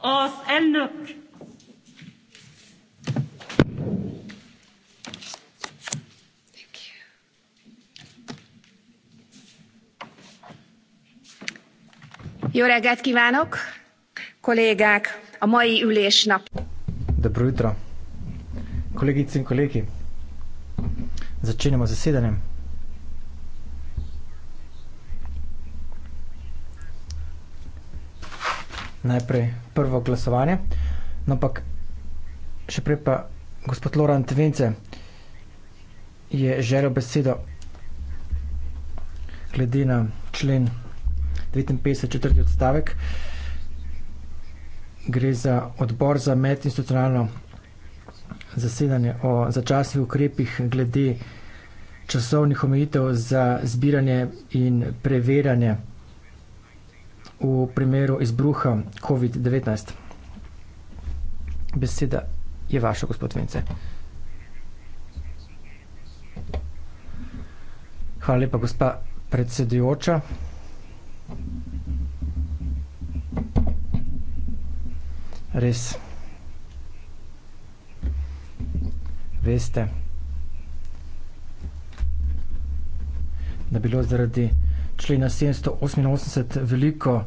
Az elnök! Jó reggelt kívánok, kollégák, a mai ülésnap. Dobro jutro, kolegici in kolegi. Začenjamo zasedanjem. Za najprej prvo glasovanje. No, ampak še prej pa gospod Lorant Vence je želel besedo glede na člen 59. četrti odstavek. Gre za odbor za medinstitucionalno zasedanje o začasnih ukrepih glede časovnih omejitev za zbiranje in preverjanje v primeru izbruha COVID-19. Beseda je vaša, gospod Vence. Hvala lepa, gospa predsedujoča. Res. Veste, da bilo zaradi člena 788 veliko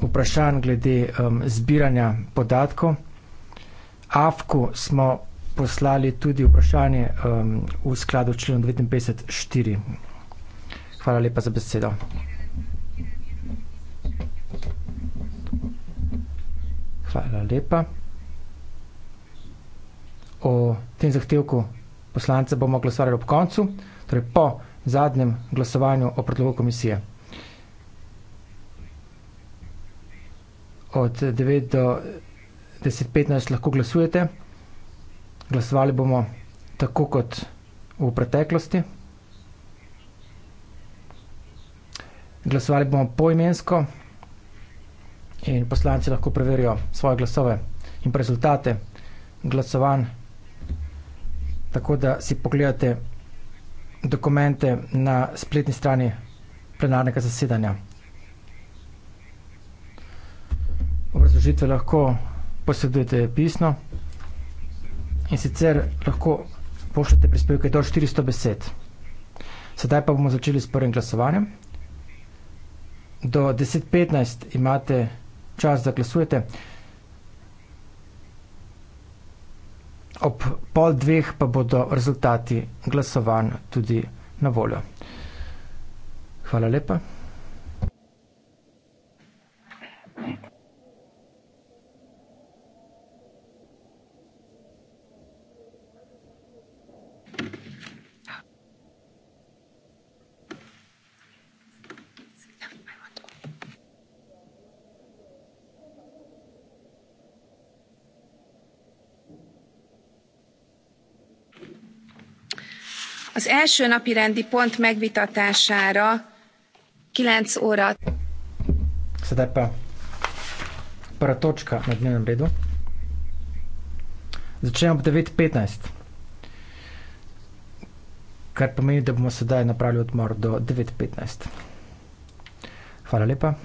vprašanj glede um, zbiranja podatkov. AFKU smo poslali tudi vprašanje um, v skladu člena 59.4. Hvala lepa za besedo. Hvala lepa. O tem zahtevku poslance bomo glasovali ob koncu, torej po zadnjem glasovanju o predlogu komisije. Od 9 do 10.15 lahko glasujete. Glasovali bomo tako kot v preteklosti. Glasovali bomo poimensko in poslanci lahko preverijo svoje glasove in rezultate glasovanj tako da si pogledate dokumente na spletni strani plenarnega zasedanja. Obrazložitve lahko posredujete pisno in sicer lahko pošljete prispevke do 400 besed. Sedaj pa bomo začeli s prvim glasovanjem. Do 10.15 imate čas, da glasujete. ob pol dveh pa bodo rezultati glasovanj tudi na voljo. Hvala lepa. az első napi rendi pont megvitatására 9 óra. Sedaj pa prva točka na dnevnem redu. Začnemo ob 9.15. Kar pomeni, da bomo sedaj napravili odmor do 9.15. Hvala lepa.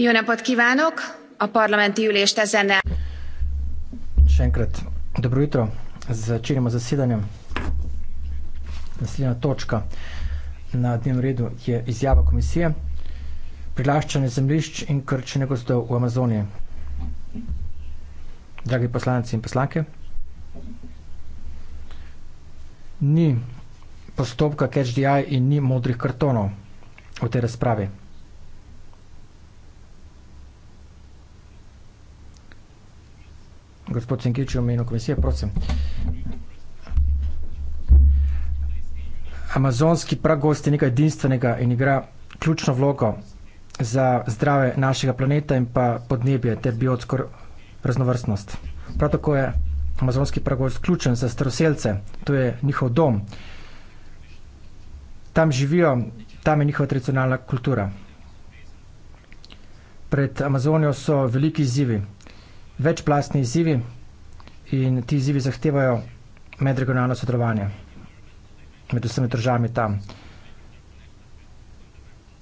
Jó napot kívánok! A parlamenti ülést ezennel... Še enkrat, dobro jutro. Začinimo zasedanje. Naslednja točka na dnevnem redu je izjava komisije. Prilaščanje zemljišč in krčenje gozdov v Amazoniji. Dragi poslanci in poslanke, ni postopka catch the eye in ni modrih kartonov v tej razpravi. gospod Cenkič v imenu komisije, prosim. Amazonski prag gost je nekaj edinstvenega in igra ključno vlogo za zdrave našega planeta in pa podnebje ter biotsko raznovrstnost. Prav tako je amazonski prag gost ključen za staroselce, to je njihov dom. Tam živijo, tam je njihova tradicionalna kultura. Pred Amazonijo so veliki izzivi večplastni izzivi in ti izzivi zahtevajo medregionalno sodelovanje med vsemi državami tam.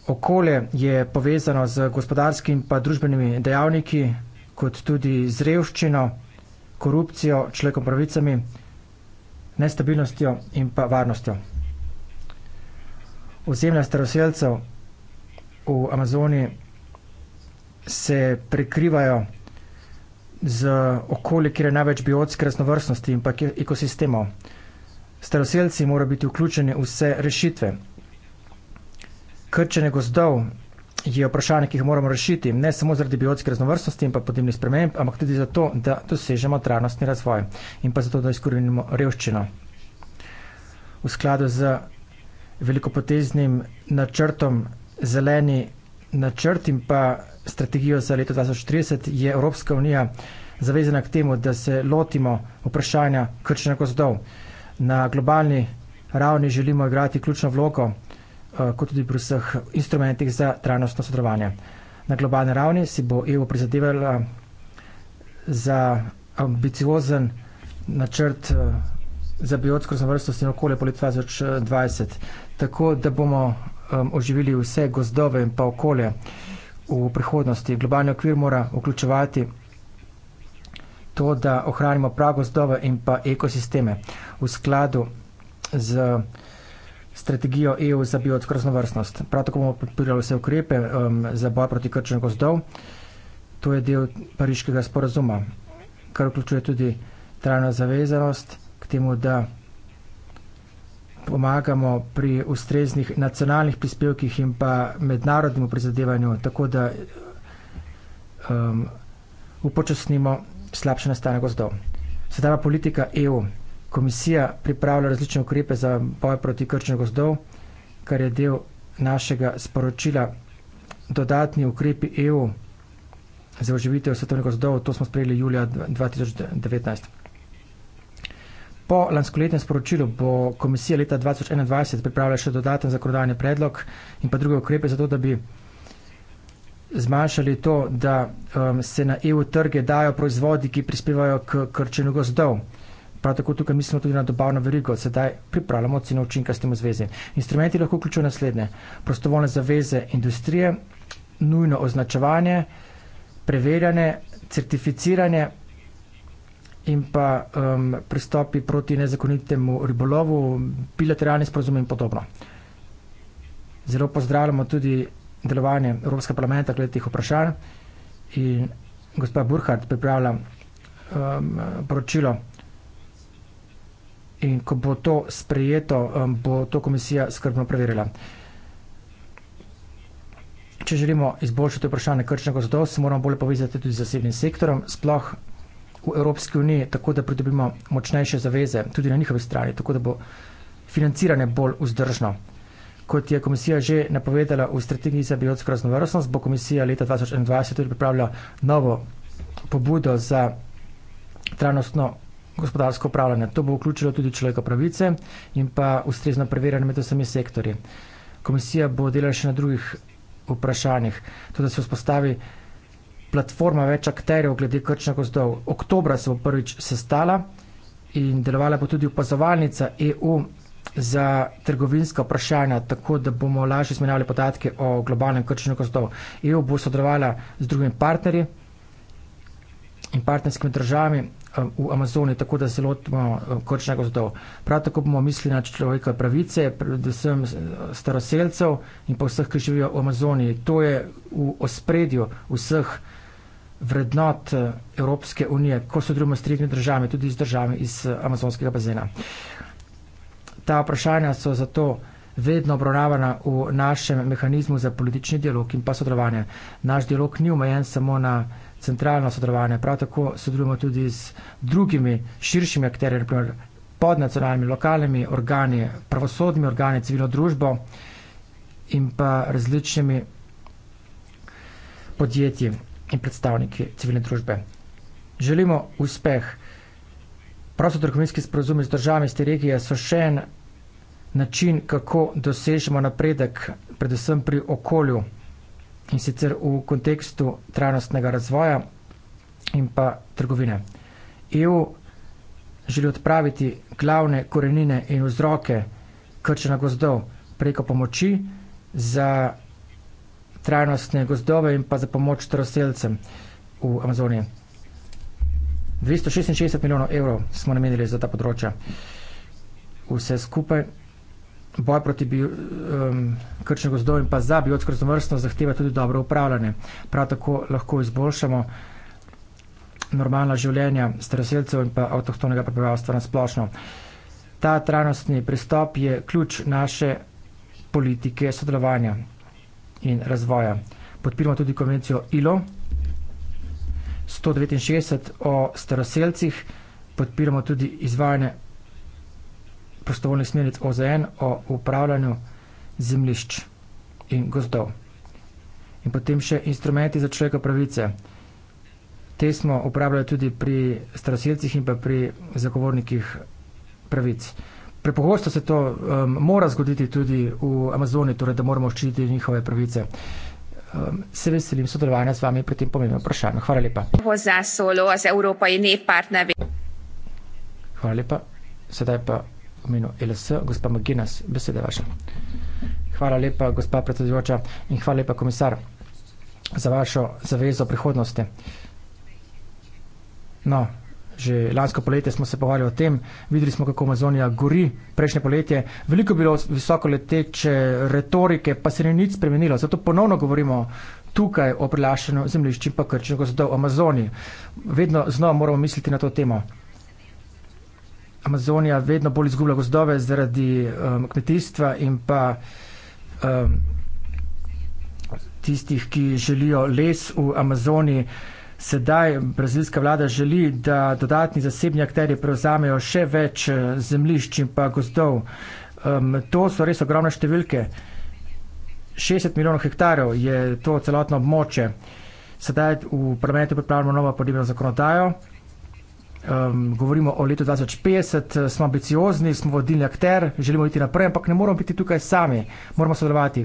Okolje je povezano z gospodarskimi pa družbenimi dejavniki, kot tudi z revščino, korupcijo, človekom pravicami, nestabilnostjo in pa varnostjo. Ozemlja staroseljcev v Amazoniji se prekrivajo z okolje, kjer je največ biotske raznovrstnosti in pa ekosistemov. Staroseljci morajo biti vključeni v vse rešitve. Krčenje gozdov je vprašanje, ki jih moramo rešiti, ne samo zaradi biotske raznovrstnosti in pa podnebnih sprememb, ampak tudi zato, da dosežemo trajnostni razvoj in pa zato, da izkorenimo revščino. V skladu z velikopoteznim načrtom zeleni načrt in pa strategijo za leto 2030, je Evropska unija zavezana k temu, da se lotimo vprašanja krčenja gozdov. Na globalni ravni želimo igrati ključno vlogo, eh, kot tudi pri vseh instrumentih za trajnostno sodelovanje. Na globalni ravni si bo EU prizadevala za ambiciozen načrt eh, za biotsko raznovrstnost in okolje po letu 2020, tako da bomo um, oživili vse gozdove in pa okolje. Uh, v prihodnosti. Globalni okvir mora vključevati to, da ohranimo pragozdove in pa ekosisteme v skladu z strategijo EU za biotskroznovrstnost. Prav tako bomo podpirali vse ukrepe um, za boj proti krčenju gozdov. To je del pariškega sporazuma, kar vključuje tudi trajno zavezanost k temu, da pomagamo pri ustreznih nacionalnih prispevkih in pa mednarodnem prizadevanju, tako da um, upočasnimo slabše nastane gozdov. Sedaj pa politika EU. Komisija pripravlja različne ukrepe za boj proti krčnju gozdov, kar je del našega sporočila. Dodatni ukrepi EU za oživitev svetovnih gozdov, to smo sprejeli julija 2019. Po lanskoletnem sporočilu bo komisija leta 2021 pripravila še dodaten zakonodajni predlog in pa druge ukrepe za to, da bi zmanjšali to, da um, se na EU trge dajo proizvodi, ki prispevajo k krčenju gozdov. Prav tako tukaj mislimo tudi na dobavno verigo, sedaj pripravljamo ceno učinka s tem v zvezi. Instrumenti lahko vključujo naslednje. Prostovoljne zaveze industrije, nujno označevanje, preverjanje, certificiranje, in pa um, pristopi proti nezakonitemu ribolovu, bilateralni sporozum in podobno. Zelo pozdravljamo tudi delovanje Evropskega parlamenta glede teh vprašanj in gospod Burhard pripravlja um, poročilo. In ko bo to sprejeto, um, bo to komisija skrbno preverila. Če želimo izboljšati vprašanje krčnega zadovstva, se moramo bolje povezati tudi z zasebnim sektorom. Sploh v Evropski uniji, tako da pridobimo močnejše zaveze tudi na njihovi strani, tako da bo financiranje bolj vzdržno. Kot je komisija že napovedala v strategiji za biotsko raznovrstnost, bo komisija leta 2021 tudi pripravila novo pobudo za trajnostno gospodarsko upravljanje. To bo vključilo tudi človeka pravice in pa ustrezno preverjanje med vsemi sektorji. Komisija bo delala še na drugih vprašanjih, tudi da se vzpostavi platforma več akterjev glede krčnih gozdov. Oktobra se bo prvič sestala in delovala bo tudi opazovalnica EU za trgovinska vprašanja, tako da bomo lažje smenjali podatke o globalnem krčenju gozdov. EU bo sodelovala z drugimi partnerji in partnerskimi državami um, v Amazoni, tako da se lotimo um, krčenja gozdov. Prav tako bomo mislili na človekove pravice, predvsem staroselcev in pa vseh, ki živijo v Amazoni. To je v ospredju vseh vrednot eh, Evropske unije, ko se družimo s tretjimi državami, tudi z državami iz eh, amazonskega bazena. Ta vprašanja so zato vedno obravnavana v našem mehanizmu za politični dialog in pa sodelovanje. Naš dialog ni omejen samo na centralno sodelovanje, prav tako sodelujemo tudi z drugimi širšimi akterji, naprimer podnacionalnimi, lokalnimi organi, pravosodnimi organi, civilno družbo in pa različnimi podjetji in predstavniki civilne družbe. Želimo uspeh. Prostotrhovinski sporozumi z državami iz te regije so še en način, kako dosežemo napredek, predvsem pri okolju in sicer v kontekstu trajnostnega razvoja in pa trgovine. EU želi odpraviti glavne korenine in vzroke krčena gozdov preko pomoči za trajnostne gozdove in pa za pomoč staroseljcem v Amazoniji. 266 milijonov evrov smo namenili za ta področja. Vse skupaj boj proti um, krčnim gozdov in pa za biotsko raznovrstnost zahteva tudi dobro upravljanje. Prav tako lahko izboljšamo normalna življenja staroseljcev in pa avtohtonega prebivalstva na splošno. Ta trajnostni pristop je ključ naše politike sodelovanja in razvoja. Podpiramo tudi konvencijo ILO 169 o staroselcih, podpiramo tudi izvajanje prostovoljnih smernic OZN o upravljanju zemlišč in gozdov. In potem še instrumenti za človeka pravice. Te smo uporabljali tudi pri staroselcih in pa pri zagovornikih pravic. Prepogosto se to um, mora zgoditi tudi v Amazoni, torej da moramo ščititi njihove pravice. Um, se veselim sodelovanja z vami pri tem pomembnem vprašanju. Hvala lepa. Hvala lepa. Sedaj pa v imenu LS, gospa Maginas, besede vaša. Hvala lepa, gospa predsedujoča in hvala lepa, komisar, za vašo zavezo prihodnosti. No, Že lansko poletje smo se pogovarjali o tem, videli smo, kako Amazonija gori prejšnje poletje. Veliko je bilo visoko leteče retorike, pa se ni nič spremenilo. Zato ponovno govorimo tukaj o prilašenju zemljišči, pa kar če gozdov Amazoniji. Vedno znova moramo misliti na to temo. Amazonija vedno bolj izgublja gozdove zaradi um, kmetijstva in pa um, tistih, ki želijo les v Amazoniji. Sedaj brazilska vlada želi, da dodatni zasebni akteri prevzamejo še več eh, zemljišč in pa gozdov. Um, to so res ogromne številke. 60 milijonov hektarjev je to celotno območje. Sedaj v parlamentu pripravljamo novo podnebno zakonodajo. Um, govorimo o letu 2050, eh, smo ambiciozni, smo vodilni akter, želimo iti naprej, ampak ne moramo biti tukaj sami, moramo sodelovati.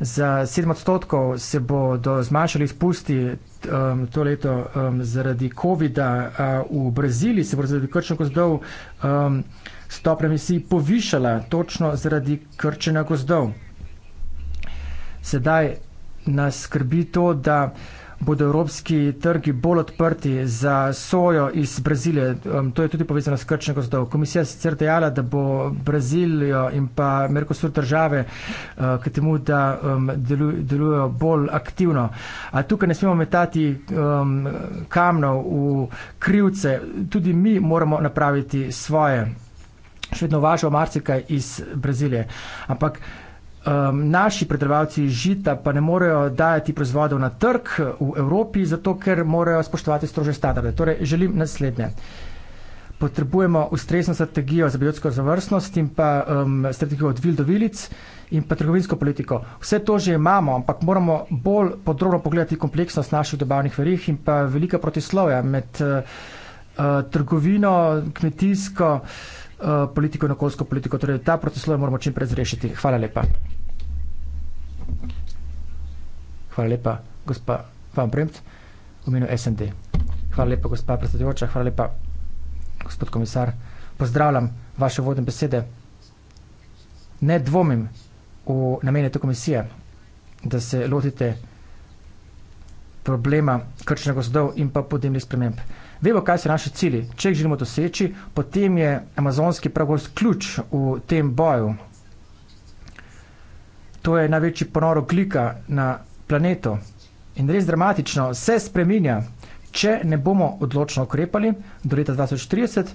Za 7 odstotkov se bodo zmanjšali izpusti um, to leto um, zaradi COVID-a. Uh, v Braziliji se bo zaradi krčnih gozdov um, stopnja emisij povišala točno zaradi krčenja gozdov. Sedaj nas skrbi to, da uh, bodo evropski trgi bolj odprti za sojo iz Brazilije. Um, to je tudi povezano s krčnim gozdom. Komisija sicer dejala, da bo Brazilijo in pa Merkosur države uh, k temu, da um, delujejo bolj aktivno. A tukaj ne smemo metati um, kamnov v krivce. Tudi mi moramo napraviti svoje. Še vedno važo marsikaj iz Brazilije. Ampak um, naši predelovalci žita pa ne morejo dajati proizvodov na trg eh, v Evropi, zato ker morajo spoštovati strože standarde. Torej, želim naslednje. Potrebujemo ustrezno strategijo za biotsko zavrstnost in pa um, strategijo od vil do vilic in pa trgovinsko politiko. Vse to že imamo, ampak moramo bolj podrobno pogledati kompleksnost naših dobavnih verih in pa velika protislovja med uh, trgovino, kmetijsko uh, politiko in okoljsko politiko. Torej, ta protislovja moramo čim prej zrešiti. Hvala lepa. Hvala lepa, gospa Van Premt, v imenu SND. Hvala lepa, gospa predsedujoča, hvala lepa, gospod komisar. Pozdravljam vaše vodne besede. Ne dvomim v namene te komisije, da se lotite problema krčne gozdov in pa podnebnih sprememb. Vemo, kaj so naši cilji. Če jih želimo doseči, potem je amazonski pragost ključ v tem boju to je največji ponor oklika na planetu. In res dramatično se spreminja. Če ne bomo odločno ukrepali do leta 2030,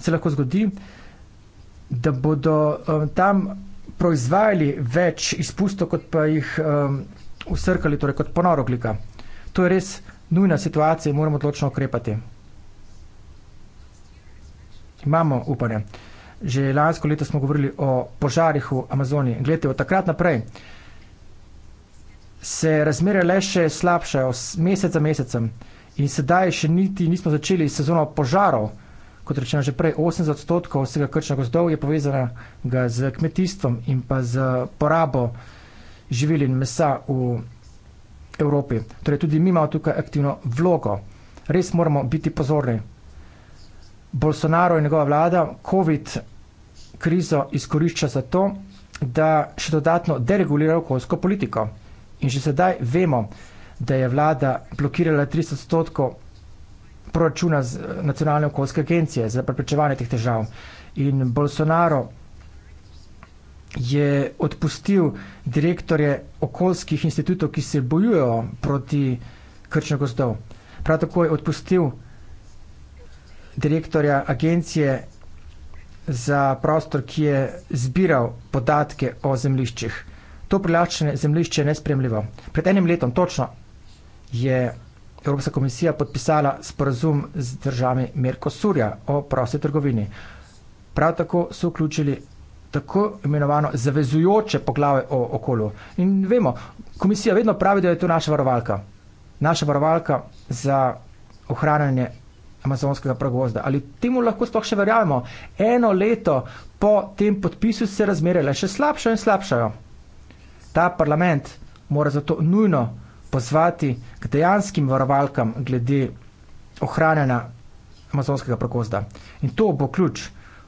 se lahko zgodi, da bodo um, tam proizvajali več izpustov, kot pa jih um, usrkali, torej kot ponor oklika. To je res nujna situacija in moramo odločno ukrepati. Imamo upanje. Že lansko leto smo govorili o požarih v Amazoniji. Glede, od takrat naprej se razmere le še slabšajo, mesec za mesecem. In sedaj še niti nismo začeli sezono požarov. Kot rečeno, že prej 80 odstotkov vsega krčnega gozdov je povezanega z kmetijstvom in pa z porabo živil in mesa v Evropi. Torej, tudi mi imamo tukaj aktivno vlogo. Res moramo biti pozorni. Bolsonaro in njegova vlada, COVID krizo izkorišča za to, da še dodatno deregulira okoljsko politiko. In že sedaj vemo, da je vlada blokirala 300 odstotkov proračuna z eh, nacionalne okoljske agencije za preprečevanje teh težav. In Bolsonaro je odpustil direktorje okoljskih institutov, ki se bojujo proti krčnih gozdov. Prav tako je odpustil direktorja agencije za prostor, ki je zbiral podatke o zemljiščih. To prilačene zemljišče je nespremljivo. Pred enim letom točno je Evropska komisija podpisala sporazum z državami Merkosurja o prosti trgovini. Prav tako so vključili tako imenovano zavezujoče poglave o okolju. In vemo, komisija vedno pravi, da je to naša varovalka. Naša varovalka za ohranjanje amazonskega pragozda. Ali temu lahko sploh še verjamemo? Eno leto po tem podpisu se razmerele še slabšajo in slabšajo. Ta parlament mora zato nujno pozvati k dejanskim varovalkam glede ohranjena amazonskega pragozda. In to bo ključ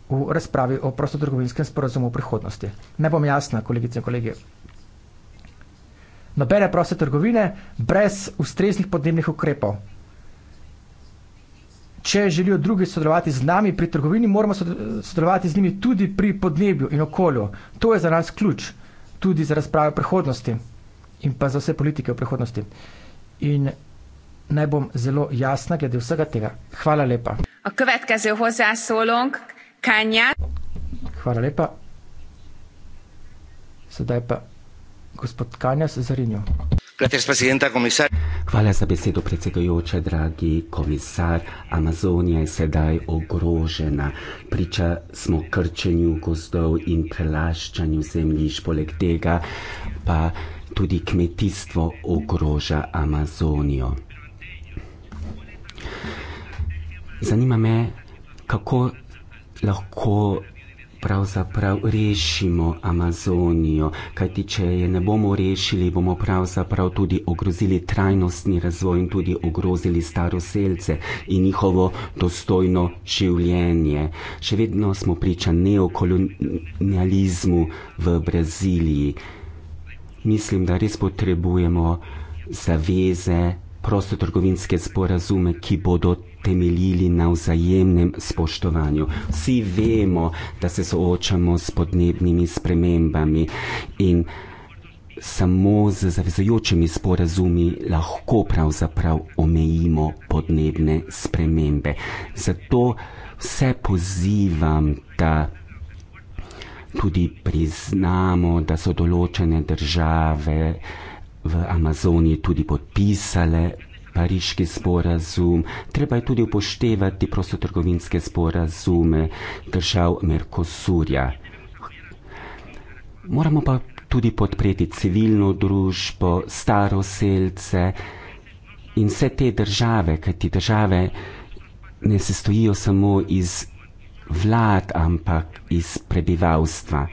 v razpravi o prostotrgovinskem sporozumu v prihodnosti. Ne bom jasna, kolegice in kolege. Nobene proste trgovine brez ustreznih podnebnih ukrepov če želijo drugi sodelovati z nami pri trgovini, moramo sodelovati z njimi tudi pri podnebju in okolju. To je za nas ključ, tudi za razprave o prihodnosti in pa za vse politike o prihodnosti. In naj bom zelo jasna glede vsega tega. Hvala lepa. Hvala lepa. Sedaj pa gospod Kanja se zarinjo. Hvala za besedo, predsedujoča, dragi komisar. Amazonija je sedaj ogrožena. Priča smo krčenju gozdov in prelaščanju zemljišč, poleg tega pa tudi kmetijstvo ogroža Amazonijo. Zanima me, kako lahko pravzaprav rešimo Amazonijo, kajti če je ne bomo rešili, bomo pravzaprav tudi ogrozili trajnostni razvoj in tudi ogrozili staroselce in njihovo dostojno življenje. Še vedno smo priča neokolonializmu v Braziliji. Mislim, da res potrebujemo zaveze, prostotrgovinske sporazume, ki bodo temeljili na vzajemnem spoštovanju. Vsi vemo, da se soočamo s podnebnimi spremembami in samo z zavezujočimi sporazumi lahko pravzaprav omejimo podnebne spremembe. Zato vse pozivam, da tudi priznamo, da so določene države v Amazoniji tudi podpisale pariški sporazum, treba je tudi upoštevati prostotrgovinske sporazume držav Merkosurja. Moramo pa tudi podpreti civilno družbo, staroselce in vse te države, kajti države ne sestojijo samo iz vlad, ampak iz prebivalstva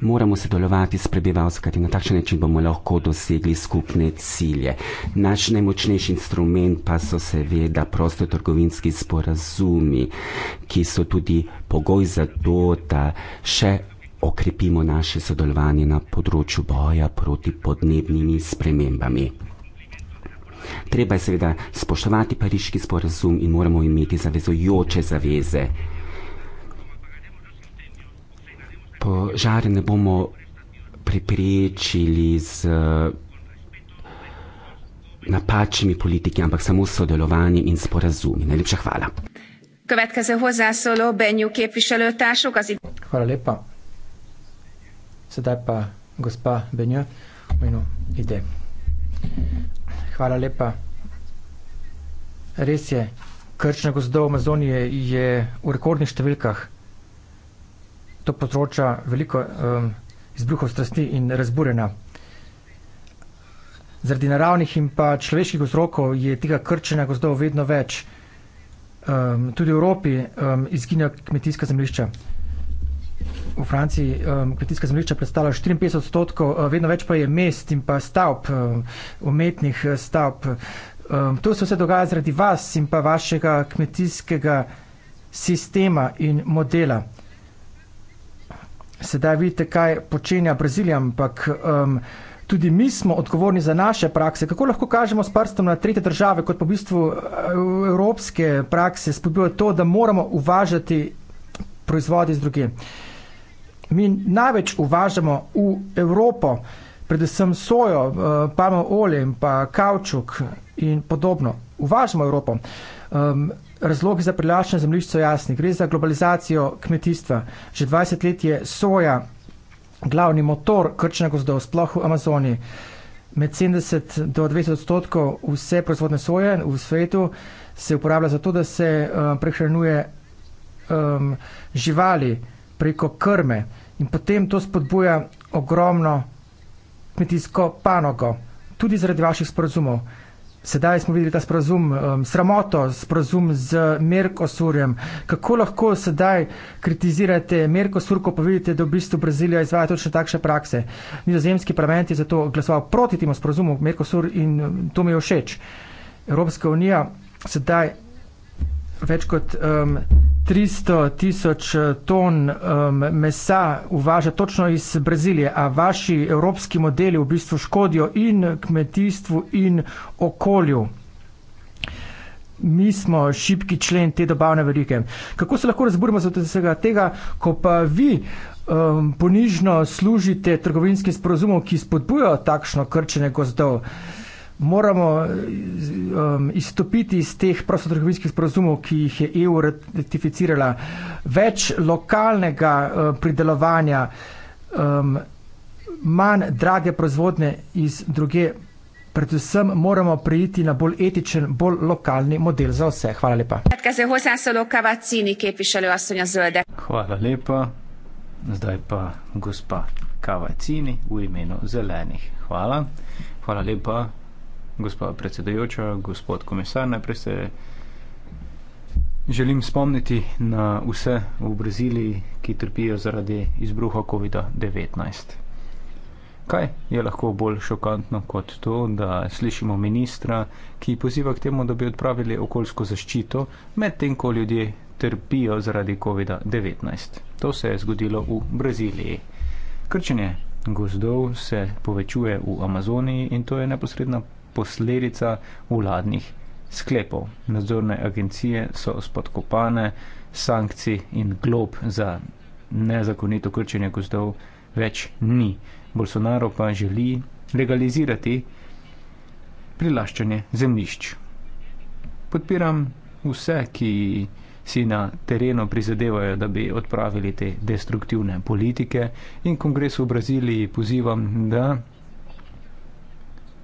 moramo sodelovati s prebivalstvom, kajti na takšen način bomo lahko dosegli skupne cilje. Naš najmočnejši instrument pa so seveda prostotrgovinski sporazumi, ki so tudi pogoj za to, da še okrepimo naše sodelovanje na področju boja proti podnebnimi spremembami. Treba je seveda spoštovati pariški sporazum in moramo imeti zavezojoče zaveze požar ne bomo preprečili z eh, napačnimi politiki, ampak samo s sodelovanjem in sporazumi. Najlepša hvala. Hvala lepa. Sedaj pa gospa Benjo, v imenu ide. Hvala lepa. Res je, krčna gozdov v Amazonije je v rekordnih številkah to povzroča veliko um, izbruhov strasti in razburjenja. Zaradi naravnih in pa človeških vzrokov je tega krčenja gozdov vedno več. Um, tudi v Evropi um, izginja kmetijska zemljišča. V Franciji um, kmetijska zemljišča predstavlja 54 odstotkov, uh, vedno več pa je mest in pa stavb, um, umetnih uh, stavb. Um, to se vse dogaja zaradi vas in pa vašega kmetijskega sistema in modela sedaj vidite, kaj počenja Brazilija, ampak um, tudi mi smo odgovorni za naše prakse. Kako lahko kažemo s prstom na tretje države, kot pa v bistvu eh, evropske prakse, spodbujajo to, da moramo uvažati proizvode iz druge. Mi največ uvažamo v Evropo, predvsem sojo, eh, palmo olje in pa kavčuk in podobno. Uvažamo Evropo. Um, Razlogi za prilašanje zemljišč so jasni. Gre za globalizacijo kmetijstva. Že 20 let je soja glavni motor krčne gozdov, sploh v Amazoniji. Med 70 do 200 odstotkov vse proizvodne soje v svetu se uporablja za to, da se um, prehranjuje um, živali preko krme in potem to spodbuja ogromno kmetijsko panogo, tudi zaradi vaših sporozumov. Sedaj smo videli ta sporazum, um, sramoto, sporazum z Merkosurjem. Kako lahko sedaj kritizirate Merkosur, ko pa vidite, da v bistvu Brazilija izvaja točno takšne prakse? Nizozemski parlament je zato glasoval proti temu sporazumu Merkosur in um, to mi je všeč. Evropska unija sedaj več kot um, 300 tisoč eh, ton um, mesa uvaža točno iz Brazilije, a vaši evropski modeli v bistvu škodijo in kmetijstvu in okolju. Mi smo šipki člen te dobavne verige. Kako se lahko razburimo za vsega tega, ko pa vi um, ponižno služite trgovinskim sporozumom, ki spodbujajo takšno krčenje gozdov? moramo um, izstopiti iz teh prostotrgovinskih sporozumov, ki jih je EU ratificirala, več lokalnega um, pridelovanja, um, manj drage proizvodne iz druge, predvsem moramo prijeti na bolj etičen, bolj lokalni model za vse. Hvala lepa. Hvala lepa. Zdaj pa gospa Kavacini v imenu zelenih. Hvala. Hvala lepa gospa predsedajoča, gospod komisar, najprej se želim spomniti na vse v Braziliji, ki trpijo zaradi izbruha COVID-19. Kaj je lahko bolj šokantno kot to, da slišimo ministra, ki poziva k temu, da bi odpravili okoljsko zaščito, medtem ko ljudje trpijo zaradi COVID-19? To se je zgodilo v Braziliji. Krčenje gozdov se povečuje v Amazoniji in to je neposredna posledica vladnih sklepov. Nadzorne agencije so spodkopane, sankcij in glob za nezakonito krčenje gozdov več ni. Bolsonaro pa želi legalizirati prilaščanje zemlišč. Podpiram vse, ki si na terenu prizadevajo, da bi odpravili te destruktivne politike in kongres v Braziliji pozivam, da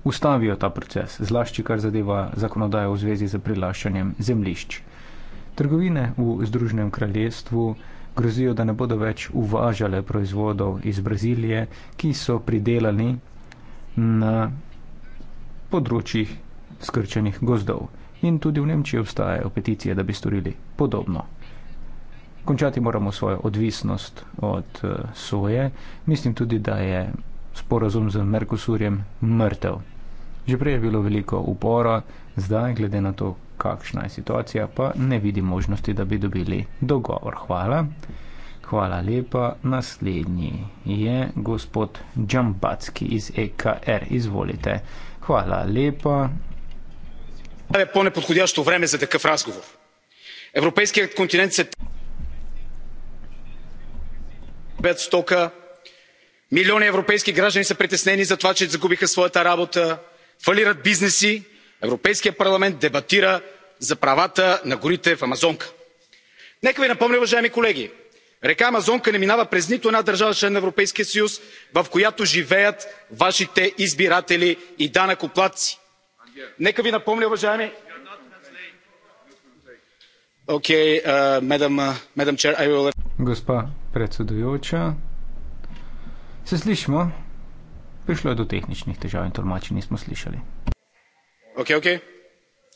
ustavijo ta proces, zlašči kar zadeva zakonodajo v zvezi z prilaščanjem zemlišč. Trgovine v Združenem kraljestvu grozijo, da ne bodo več uvažale proizvodov iz Brazilije, ki so pridelani na področjih skrčenih gozdov. In tudi v Nemčiji obstajajo peticije, da bi storili podobno. Končati moramo svojo odvisnost od eh, soje. Mislim tudi, da je sporazum z Merkosurjem mrtev. Že prej je bilo veliko upora, zdaj, glede na to, kakšna je situacija, pa ne vidi možnosti, da bi dobili dogovor. Hvala. Hvala lepa. Naslednji je gospod Džambacki iz EKR. Izvolite. Hvala lepa. Kaj je ponepodhodjašto vreme za takav razgovor? Evropski kontinent se. 500 milijoni evropskih državljanov so pretesneni za to, da izgubijo svojo ta rabota фалират бизнеси европейският парламент дебатира за правата на горите в амазонка. нека ви напомня уважаеми колеги река амазонка не минава през нито една държава член на европейския съюз в която живеят вашите избиратели и данъкоплатци. нека ви напомня уважаеми госпожо председателстващ се слышим? prišlo je do tehničnih težav in tolmači nismo slišali. Ok, ok,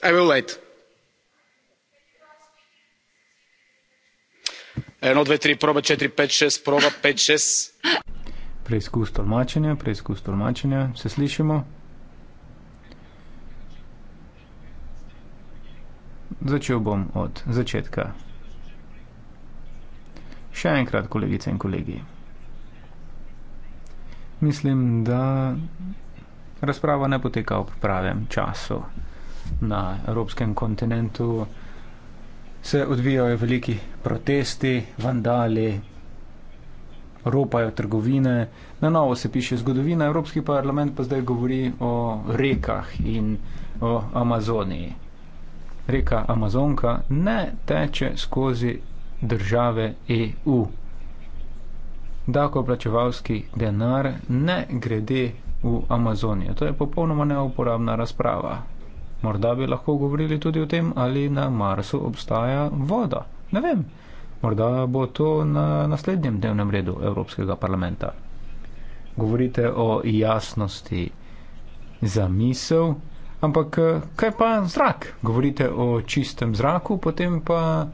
I will wait. Eno, dve, tri, proba, četiri, pet, šest, proba, pet, šest. Preizkus tolmačenja, preizkus tolmačenja, se slišimo. Začel bom od začetka. Še enkrat, kolegice in kolegi mislim, da razprava ne poteka ob pravem času. Na evropskem kontinentu se odvijajo veliki protesti, vandali, ropajo trgovine, na novo se piše zgodovina, Evropski parlament pa zdaj govori o rekah in o Amazoniji. Reka Amazonka ne teče skozi države EU davkoplačevalski denar ne grede v Amazonijo. To je popolnoma neuporabna razprava. Morda bi lahko govorili tudi o tem, ali na Marsu obstaja voda. Ne vem, morda bo to na naslednjem dnevnem redu Evropskega parlamenta. Govorite o jasnosti za misel, ampak kaj pa zrak? Govorite o čistem zraku, potem pa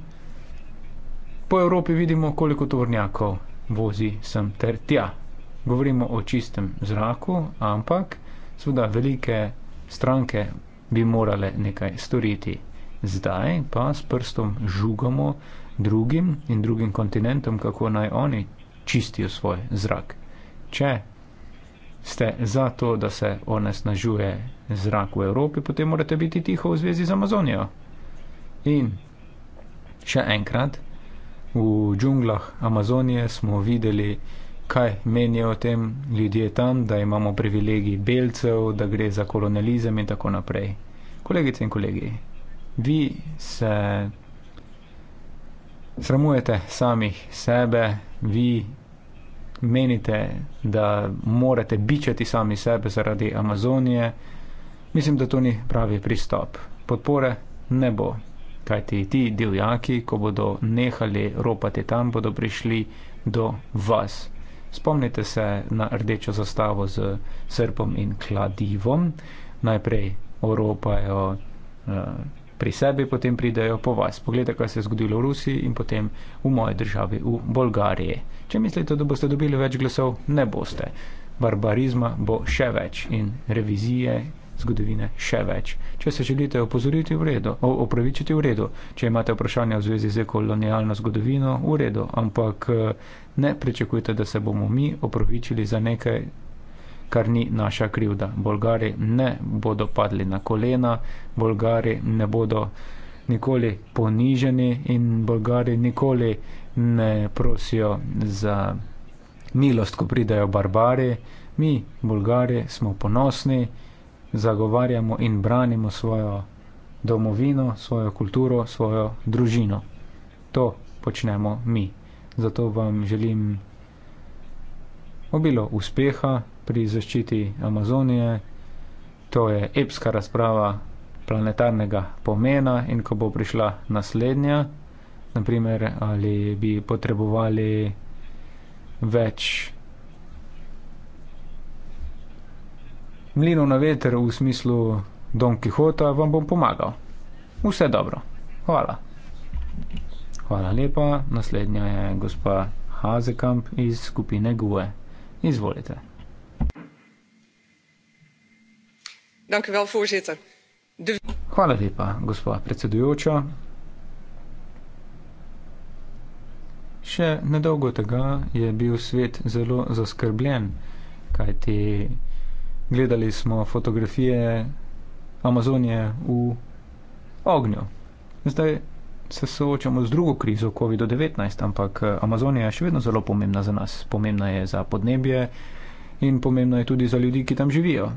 po Evropi vidimo, koliko tovornjakov vozi sem ter tja. Govorimo o čistem zraku, ampak seveda velike stranke bi morale nekaj storiti. Zdaj pa s prstom žugamo drugim in drugim kontinentom, kako naj oni čistijo svoj zrak. Če ste za to, da se onesnažuje zrak v Evropi, potem morate biti tiho v zvezi z Amazonijo. In še enkrat, v džunglah Amazonije smo videli, kaj menijo o tem ljudje tam, da imamo privilegij belcev, da gre za kolonializem in tako naprej. Kolegice in kolegi, vi se sramujete samih sebe, vi menite, da morate bičati sami sebe zaradi Amazonije. Mislim, da to ni pravi pristop. Podpore ne bo. Kajti ti divjaki, ko bodo nehali ropati tam, bodo prišli do vas. Spomnite se na rdečo zastavo z srpom in kladivom. Najprej oropajo uh, pri sebi, potem pridejo po vas. Poglejte, kaj se je zgodilo v Rusiji in potem v moji državi, v Bolgariji. Če mislite, da boste dobili več glasov, ne boste. Barbarizma bo še več in revizije zgodovine še več. Če se želite opozoriti v redu, opravičiti v redu, če imate vprašanja v zvezi z kolonialno zgodovino, v redu, ampak eh, ne pričakujte, da se bomo mi opravičili za nekaj, kar ni naša krivda. Bolgari ne bodo padli na kolena, Bolgari ne bodo nikoli poniženi in Bolgari nikoli ne prosijo za milost, ko pridajo barbari. Mi, Bolgari, smo ponosni zagovarjamo in branimo svojo domovino, svojo kulturo, svojo družino. To počnemo mi. Zato vam želim obilo uspeha pri zaščiti Amazonije. To je epska razprava planetarnega pomena in ko bo prišla naslednja, naprimer ali bi potrebovali več mlino na veter v smislu Don Quixota, vam bom pomagal. Vse dobro. Hvala. Hvala lepa. Naslednja je gospa Hazekamp iz skupine GUE. Izvolite. Dank u wel, voorzitter. De... Hvala lepa, gospa predsedujoča. Še nedolgo tega je bil svet zelo zaskrbljen, kajti gledali smo fotografije Amazonije v ognju. Zdaj se soočamo z drugo krizo COVID-19, ampak eh, Amazonija je še vedno zelo pomembna za nas. Pomembna je za podnebje in pomembna je tudi za ljudi, ki tam živijo.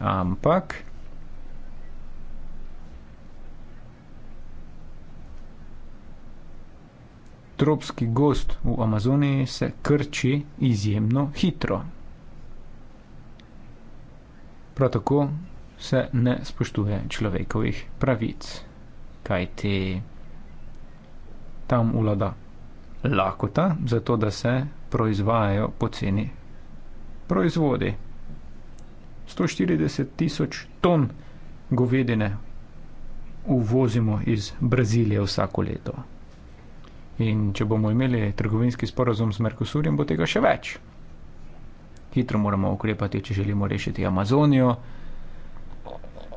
Ampak. Tropski gost v Amazoniji se krči izjemno hitro. Prav tako se ne spoštuje človekovih pravic, kajti tam vlada lakota, zato da se proizvajajo poceni proizvodi. 140 tisoč ton govedine uvozimo iz Brazilije vsako leto. In če bomo imeli trgovinski sporazum s Merkosurjem, bo tega še več hitro moramo ukrepati, če želimo rešiti Amazonijo.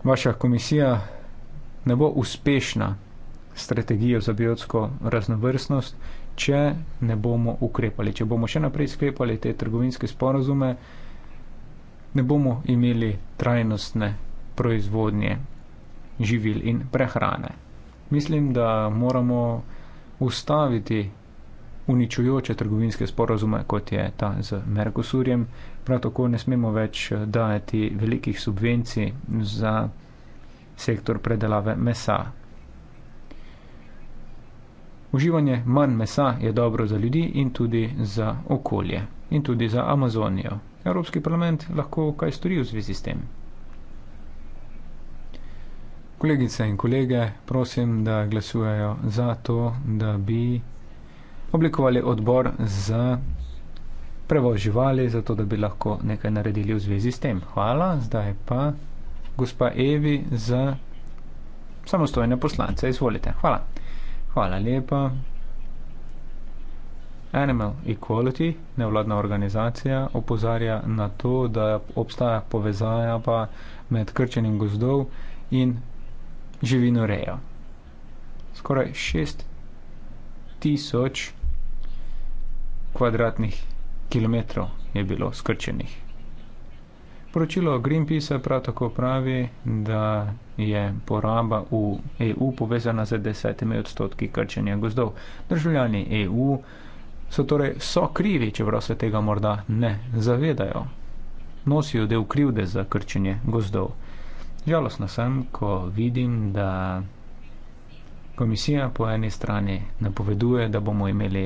Vaša komisija ne bo uspešna strategijo za biotsko raznovrstnost, če ne bomo ukrepali. Če bomo še naprej sklepali te trgovinske sporozume, ne bomo imeli trajnostne proizvodnje živil in prehrane. Mislim, da moramo ustaviti uničujoče trgovinske sporazume, kot je ta z Merkosurjem. Prav tako ne smemo več eh, dajati velikih subvencij za sektor predelave mesa. Uživanje manj mesa je dobro za ljudi in tudi za okolje in tudi za Amazonijo. Evropski parlament lahko kaj stori v zvezi s tem. Kolegice in kolege, prosim, da glasujejo za to, da bi oblikovali odbor za prevoz živali, zato da bi lahko nekaj naredili v zvezi s tem. Hvala, zdaj pa gospa Evi za samostojne poslance. Izvolite. Hvala. Hvala lepa. Animal Equality, nevladna organizacija, opozarja na to, da obstaja povezaja pa med krčenjem gozdov in živino rejo. Skoraj 6 tisoč kvadratnih kilometrov je bilo skrčenih. Poročilo Greenpeace prav tako pravi, da je poraba v EU povezana z desetimi odstotki krčenja gozdov. Državljani EU so torej so krivi, čeprav se tega morda ne zavedajo. Nosijo del krivde za krčenje gozdov. Žalostna sem, ko vidim, da komisija po eni strani napoveduje, da bomo imeli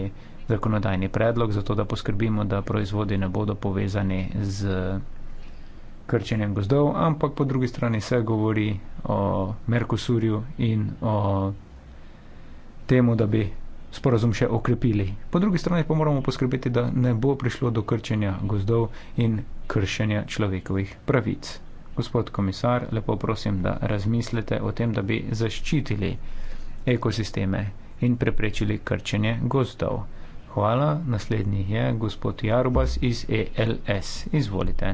zakonodajni predlog, zato da poskrbimo, da proizvodi ne bodo povezani z krčenjem gozdov, ampak po drugi strani se govori o Merkosurju in o temu, da bi sporazum še okrepili. Po drugi strani pa moramo poskrbeti, da ne bo prišlo do krčenja gozdov in kršenja človekovih pravic. Gospod komisar, lepo prosim, da razmislite o tem, da bi zaščitili ekosisteme in preprečili krčenje gozdov. Hvala. Naslednji je gospod Jarubas iz ELS. Izvolite.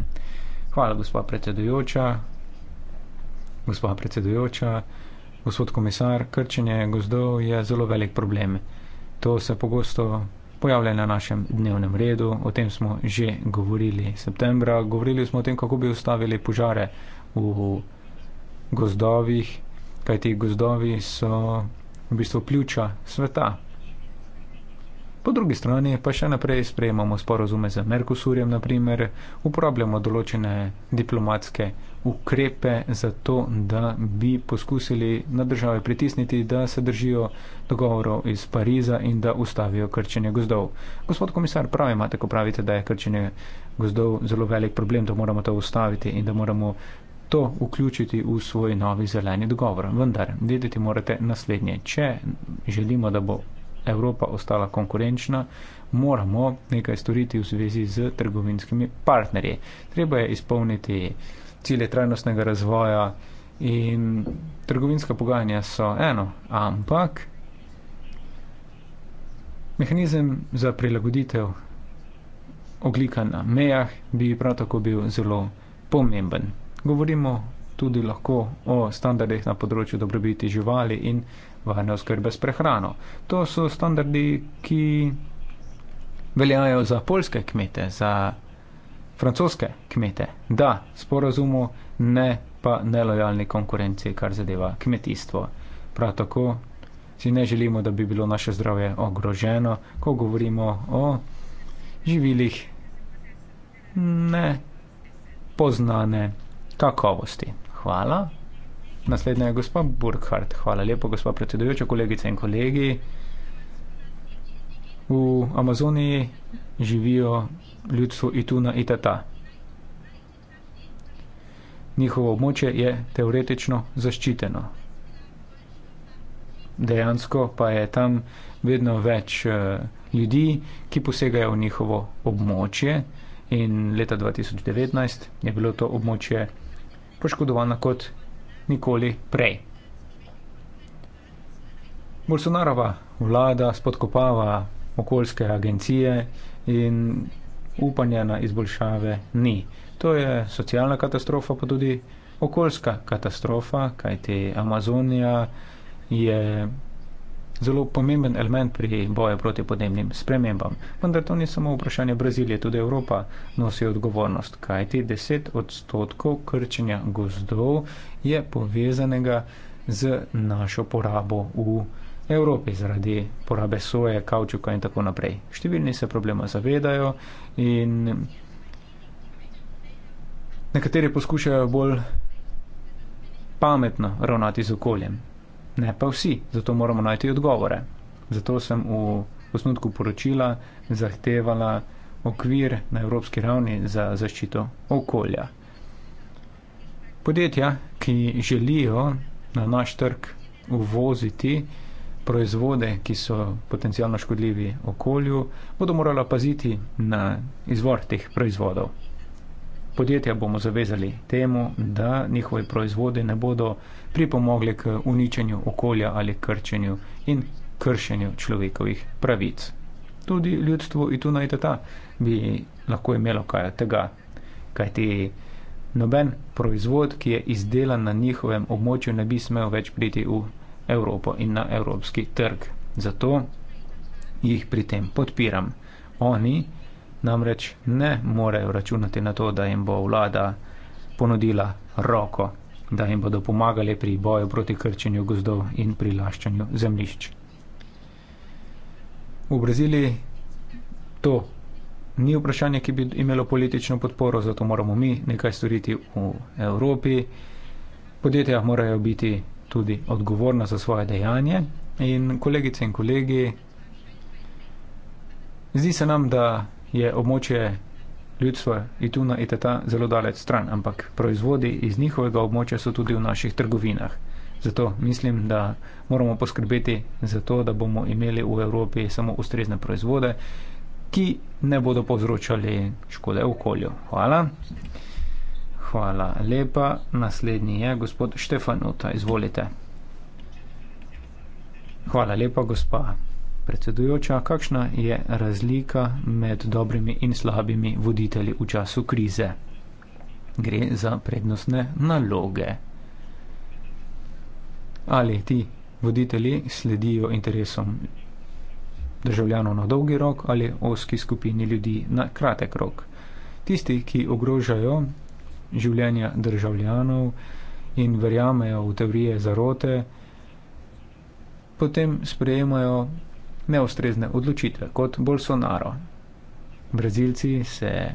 Hvala, gospod predsedujoča. Gospod predsedujoča, gospod komisar, krčenje gozdov je zelo velik problem. To se pogosto pojavlja na našem dnevnem redu, o tem smo že govorili septembra. Govorili smo o tem, kako bi ustavili požare v gozdovih, kajti gozdovi so v bistvu ključa sveta. Po drugi strani pa še naprej sprejemamo sporozume z Merkusurjem, naprimer uporabljamo določene diplomatske ukrepe za to, da bi poskusili na države pritisniti, da se držijo dogovorov iz Pariza in da ustavijo krčenje gozdov. Gospod komisar, pravi imate, ko pravite, da je krčenje gozdov zelo velik problem, da moramo to ustaviti in da moramo to vključiti v svoj novi zeleni dogovor. Vendar, vedeti morate naslednje. Če želimo, da bo Evropa ostala konkurenčna, moramo nekaj storiti v zvezi z trgovinskimi partnerji. Treba je izpolniti cilje trajnostnega razvoja in trgovinska pogajanja so eno, ampak mehanizem za prilagoditev oglika na mejah bi prav tako bil zelo pomemben. Govorimo tudi lahko o standardih na področju dobrobiti živali in varne oskrbe s prehrano. To so standardi, ki veljajo za polske kmete, za francoske kmete, da sporazumu ne pa nelojalni konkurenci, kar zadeva kmetijstvo. Prav tako si ne želimo, da bi bilo naše zdravje ogroženo, ko govorimo o živilih nepoznane kakovosti. Hvala. Naslednja je gospa Burkhardt. Hvala lepo, gospa predsedujoča, kolegice in kolegi. V Amazoniji živijo ljudstvo Ituna Itata. Njihovo območje je teoretično zaščiteno. Dejansko pa je tam vedno več eh, ljudi, ki posegajo v njihovo območje. In leta 2019 je bilo to območje poškodovana kot nikoli prej. Bolsonarova vlada spodkopava okoljske agencije in upanja na izboljšave ni. To je socialna katastrofa, pa tudi okoljska katastrofa, kajti Amazonija je zelo pomemben element pri boju proti podnebnim spremembam. Vendar to ni samo vprašanje Brazilije, tudi Evropa nosi odgovornost, kajti 10 odstotkov krčenja gozdov je povezanega z našo porabo v Evropi zaradi porabe soje, kavčuka in tako naprej. Številni se problema zavedajo in nekateri poskušajo bolj pametno ravnati z okoljem ne pa vsi, zato moramo najti odgovore. Zato sem v osnutku poročila zahtevala okvir na evropski ravni za zaščito okolja. Podjetja, ki želijo na naš trg uvoziti proizvode, ki so potencialno škodljivi okolju, bodo morala paziti na izvor teh proizvodov podjetja bomo zavezali temu, da njihovi proizvodi ne bodo pripomogli k uničenju okolja ali krčenju in kršenju človekovih pravic. Tudi ljudstvo in tu najte ta bi lahko imelo kaj tega, kajti noben proizvod, ki je izdelan na njihovem območju, ne bi smel več priti v Evropo in na evropski trg. Zato jih pri tem podpiram. Oni namreč ne morejo računati na to, da jim bo vlada ponudila roko, da jim bodo pomagali pri boju proti krčenju gozdov in pri laščanju zemlišč. V Braziliji to ni vprašanje, ki bi imelo politično podporo, zato moramo mi nekaj storiti v Evropi. Podjetja morajo biti tudi odgovorna za svoje dejanje in kolegice in kolegi, zdi se nam, da je območje ljudstva Ituna in Teta zelo daleč stran, ampak proizvodi iz njihovega območja so tudi v naših trgovinah. Zato mislim, da moramo poskrbeti za to, da bomo imeli v Evropi samo ustrezne proizvode, ki ne bodo povzročali škode okolju. Hvala. Hvala lepa. Naslednji je gospod Štefanuta. Izvolite. Hvala lepa, gospa predsedujoča, kakšna je razlika med dobrimi in slabimi voditelji v času krize? Gre za prednostne naloge. Ali ti voditelji sledijo interesom državljanov na dolgi rok ali oski skupini ljudi na kratek rok? Tisti, ki ogrožajo življenja državljanov in verjamejo v teorije zarote, potem sprejemajo neustrezne odločitve kot Bolsonaro. Brazilci se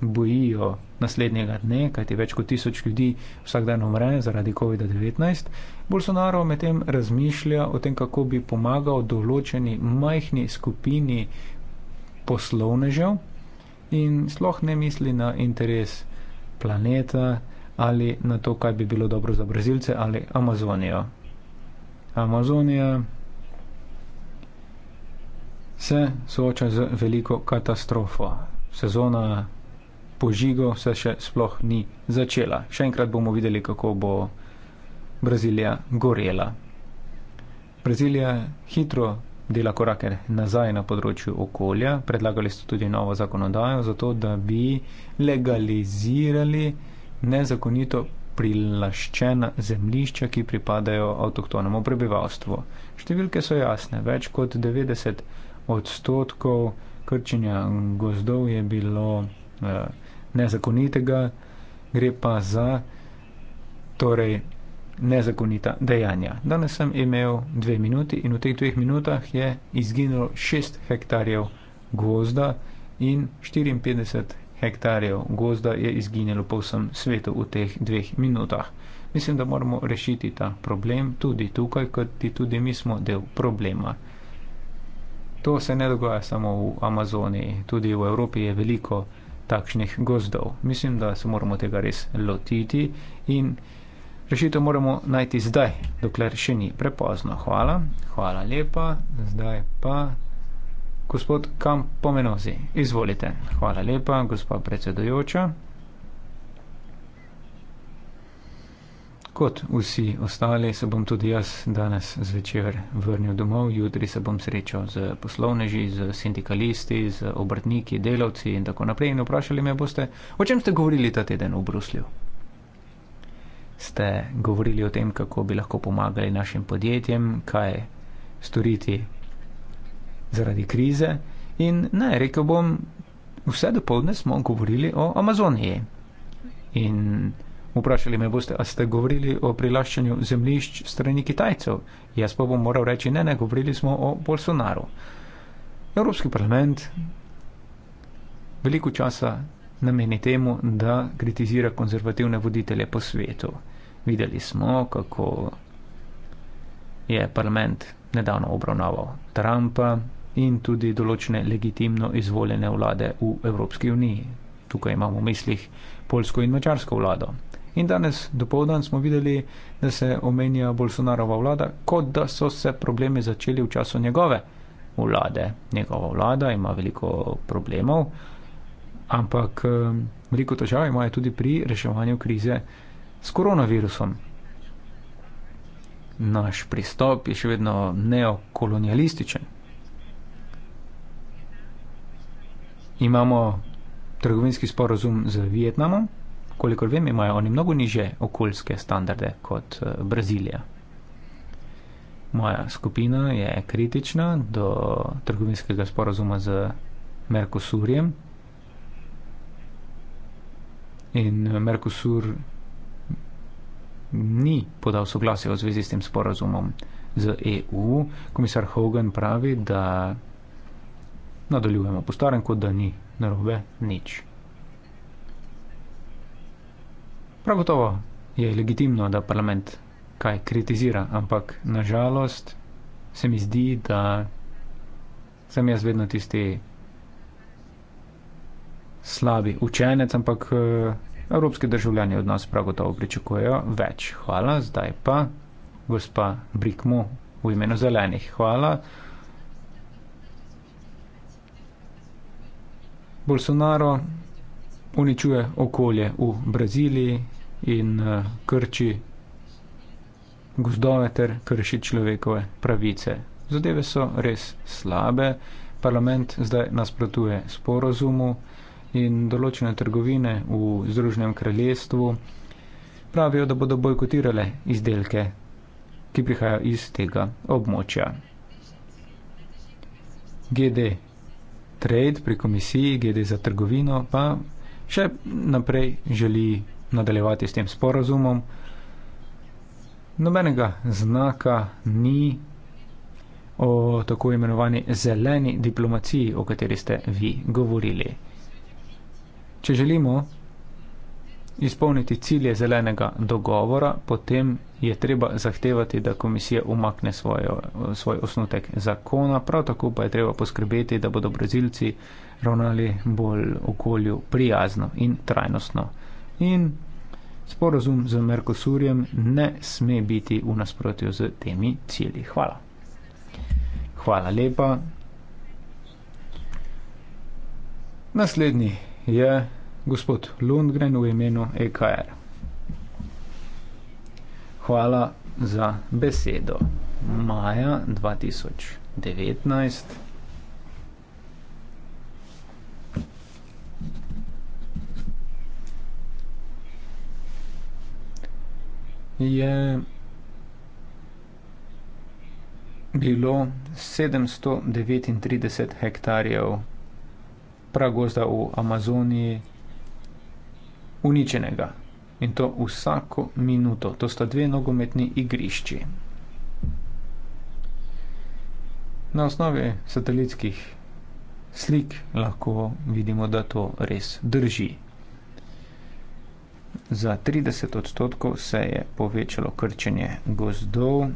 bojijo naslednjega dne, kajti več kot tisoč ljudi vsak dan umre zaradi COVID-19. Bolsonaro medtem razmišlja o tem, kako bi pomagal določeni majhni skupini poslovnežev in sploh ne misli na interes planeta ali na to, kaj bi bilo dobro za Brazilce ali Amazonijo. Amazonija se sooča z veliko katastrofo. Sezona požigov se še sploh ni začela. Še enkrat bomo videli, kako bo Brazilija gorela. Brazilija hitro dela korake nazaj na področju okolja, predlagali so tudi novo zakonodajo, zato da bi legalizirali nezakonito prilaščena zemlišča, ki pripadajo avtohtonomu prebivalstvu. Številke so jasne, več kot 90 odstotkov krčenja gozdov je bilo eh, nezakonitega, gre pa za torej, nezakonita dejanja. Danes sem imel dve minuti in v teh dveh minutah je izginilo 6 hektarjev gozda in 54 hektarjev gozda je izginilo po vsem svetu v teh dveh minutah. Mislim, da moramo rešiti ta problem tudi tukaj, kot tudi mi smo del problema. To se ne dogaja samo v Amazoniji, tudi v Evropi je veliko takšnih gozdov. Mislim, da se moramo tega res lotiti in rešitev moramo najti zdaj, dokler še ni prepozno. Hvala, hvala lepa. Zdaj pa gospod Kampomenozi, izvolite. Hvala lepa, gospod predsedujoča. Kot vsi ostali se bom tudi jaz danes zvečer vrnil domov, jutri se bom srečal z poslovneži, z sindikalisti, z obrtniki, delavci in tako naprej. In vprašali me boste, o čem ste govorili ta teden v Bruslju? Ste govorili o tem, kako bi lahko pomagali našim podjetjem, kaj storiti zaradi krize. In ne, rekel bom, vse dopoledne smo govorili o Amazoniji. In Vprašali me boste, a ste govorili o prilaščanju zemljišč strani Kitajcev? Jaz pa bom moral reči, ne, ne, govorili smo o Bolsonaru. Evropski parlament veliko časa nameni temu, da kritizira konzervativne voditelje po svetu. Videli smo, kako je parlament nedavno obravnaval Trumpa in tudi določene legitimno izvoljene vlade v Evropski uniji. Tukaj imamo v mislih polsko in mačarsko vlado. In danes, dopoldan, smo videli, da se omenja Bolsonarova vlada, kot da so se problemi začeli v času njegove vlade. Njegova vlada ima veliko problemov, ampak eh, veliko težav ima tudi pri reševanju krize s koronavirusom. Naš pristop je še vedno neokolonialističen. Imamo trgovinski sporozum z Vietnamom, kolikor vem, imajo oni mnogo niže okoljske standarde kot eh, Brazilija. Moja skupina je kritična do trgovinskega sporozuma z Mercosurjem in eh, Mercosur ni podal soglasja v zvezi s tem sporozumom z EU. Komisar Hogan pravi, da nadaljujemo po starem, kot da ni narobe nič. Prav gotovo je legitimno, da parlament kaj kritizira, ampak nažalost se mi zdi, da sem jaz vedno tisti slabi učenec, ampak eh, evropski državljani od nas prav gotovo pričakujejo več. Hvala, zdaj pa gospa Brikmu v imenu zelenih. Hvala. Bolsonaro uničuje okolje v Braziliji in uh, krči gozdove ter krši človekove pravice. Zadeve so res slabe, parlament zdaj nasprotuje sporozumu in določene trgovine v Združenem kraljestvu pravijo, da bodo bojkotirale izdelke, ki prihajajo iz tega območja. GD Trade pri komisiji GD za trgovino pa še naprej želi nadaljevati s tem sporazumom. Nobenega znaka ni o tako imenovani zeleni diplomaciji, o kateri ste vi govorili. Če želimo izpolniti cilje zelenega dogovora, potem je treba zahtevati, da komisija umakne svojo, svoj osnutek zakona, prav tako pa je treba poskrbeti, da bodo brazilci ravnali bolj okolju prijazno in trajnostno in sporozum z Merkosurjem ne sme biti v nasprotju z temi cilji. Hvala. Hvala lepa. Naslednji je gospod Lundgren v imenu EKR. Hvala za besedo. Maja 2019. je bilo 739 hektarjev pragozda v Amazoniji uničenega. In to vsako minuto. To sta dve nogometni igrišči. Na osnovi satelitskih slik lahko vidimo, da to res drži. Za 30 odstotkov se je povečalo krčenje gozdov,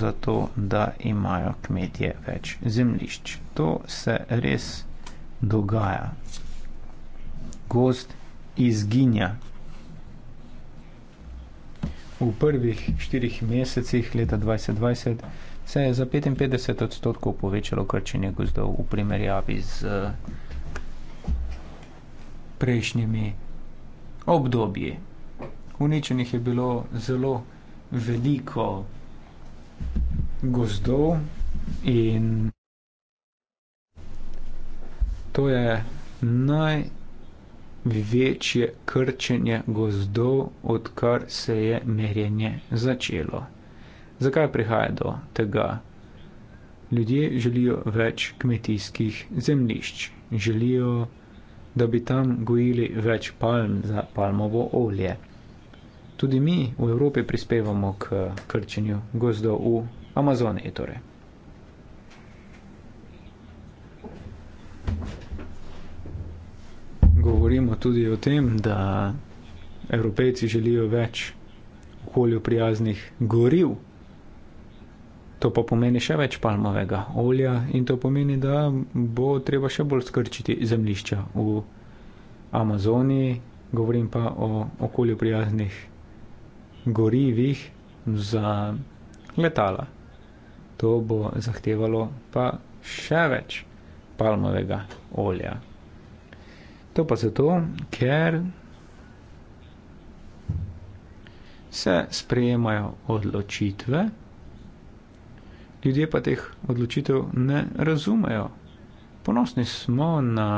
zato da imajo kmetje več zemljišč. To se res dogaja. Gost izginja. V prvih štirih mesecih leta 2020 se je za 55 odstotkov povečalo krčenje gozdov v primerjavi z prejšnjimi obdobji. Uničenih je bilo zelo veliko gozdov in to je največje krčenje gozdov, odkar se je merjenje začelo. Zakaj prihaja do tega? Ljudje želijo več kmetijskih zemljišč, želijo da bi tam gojili več palm za palmovo olje. Tudi mi v Evropi prispevamo k krčenju gozdov v Amazoniji. Torej. Govorimo tudi o tem, da Evropejci želijo več okolju prijaznih goriv. To pa pomeni še več palmovega olja in to pomeni, da bo treba še bolj skrčiti zemljišča v Amazoniji, govorim pa o okolju prijaznih gorivih za letala. To bo zahtevalo pa še več palmovega olja. To pa zato, ker se sprejemajo odločitve, ljudje pa teh odločitev ne razumejo. Ponosni smo na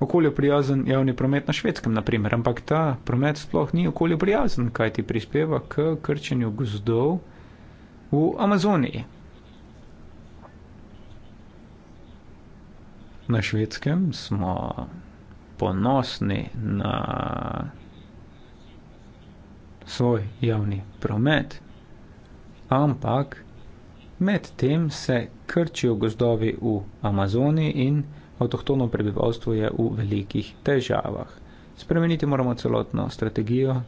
okolje prijazen javni promet na švedskem, naprimer, ampak ta promet sploh ni okolje prijazen, kaj ti prispeva k krčenju gozdov v Amazoniji. Na švedskem smo ponosni na svoj javni promet, ampak medtem se krčijo gozdovi v Amazoni in avtohtono prebivalstvo je v velikih težavah. Spremeniti moramo celotno strategijo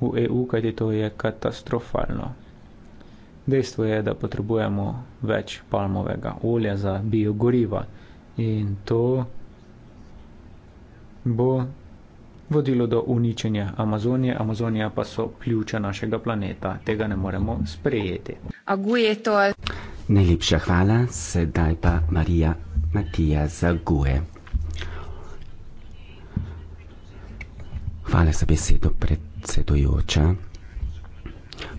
v EU, kajti to je katastrofalno. Dejstvo je, da potrebujemo več palmovega olja za biogoriva in to bo vodilo do uničenja Amazonije. Amazonija pa so pljuča našega planeta. Tega ne moremo sprejeti. Najlepša hvala, sedaj pa Marija Matija za Gue. Hvala za besedo, predsedujoča.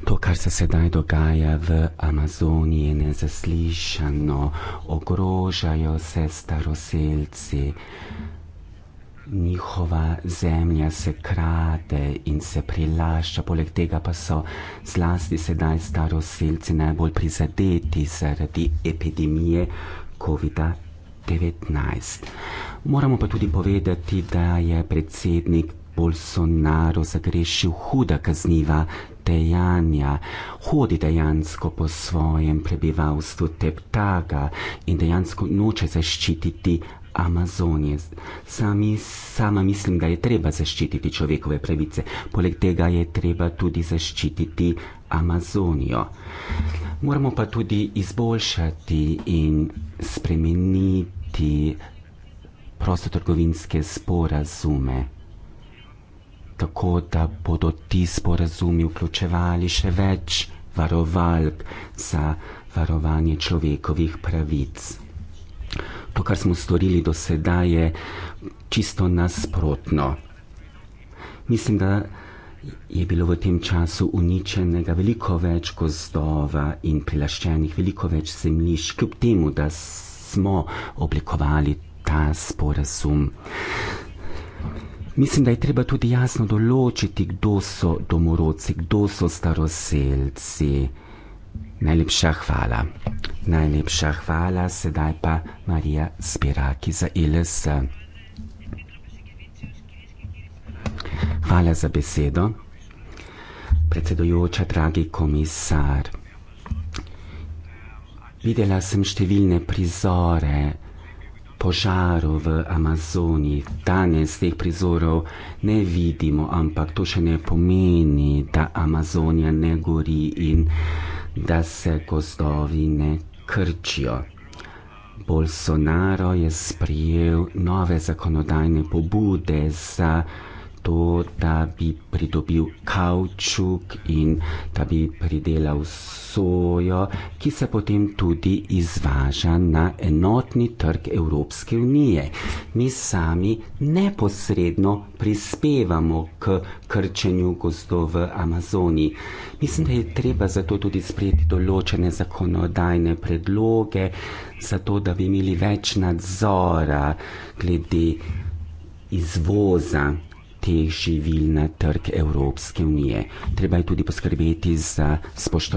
To, kar se sedaj dogaja v Amazoniji, je nezaslišano. Ogrožajo se staroselci. Mm njihova zemlja se krade in se prilašča, poleg tega pa so zlasti sedaj staroseljci najbolj prizadeti zaradi epidemije COVID-19. Moramo pa tudi povedati, da je predsednik Bolsonaro zagrešil huda kazniva dejanja, hodi dejansko po svojem prebivalstvu Teptaga in dejansko noče zaščititi Amazonije. Sami, sama mislim, da je treba zaščititi človekove pravice. Poleg tega je treba tudi zaščititi Amazonijo. Moramo pa tudi izboljšati in spremeniti prostotrgovinske sporazume, tako da bodo ti sporazumi vključevali še več varovalk za varovanje človekovih pravic to, kar smo storili do sedaj, je čisto nasprotno. Mislim, da je bilo v tem času uničenega veliko več gozdova in prilaščenih, veliko več zemljišč, kljub temu, da smo oblikovali ta sporazum. Mislim, da je treba tudi jasno določiti, kdo so domorodci, kdo so staroseljci. Najlepša hvala. Najlepša hvala, sedaj pa Marija Spiraki za ILS. Hvala za besedo. Predsedujoča, dragi komisar. Videla sem številne prizore požarov v Amazoniji. Danes teh prizorov ne vidimo, ampak to še ne pomeni, da Amazonija ne gori in da se gozdovi ne krčijo. Bolsonaro je sprijel nove zakonodajne pobude za to, da bi pridobil kavčuk in da bi pridelal sojo, ki se potem tudi izvaža na enotni trg Evropske unije. Mi sami neposredno prispevamo k krčenju gozdov v Amazoniji. Mislim, da je treba zato tudi sprejeti določene zakonodajne predloge, zato da bi imeli več nadzora glede izvoza teh živil na trg Evropske unije. Treba je tudi poskrbeti za spoštovanje.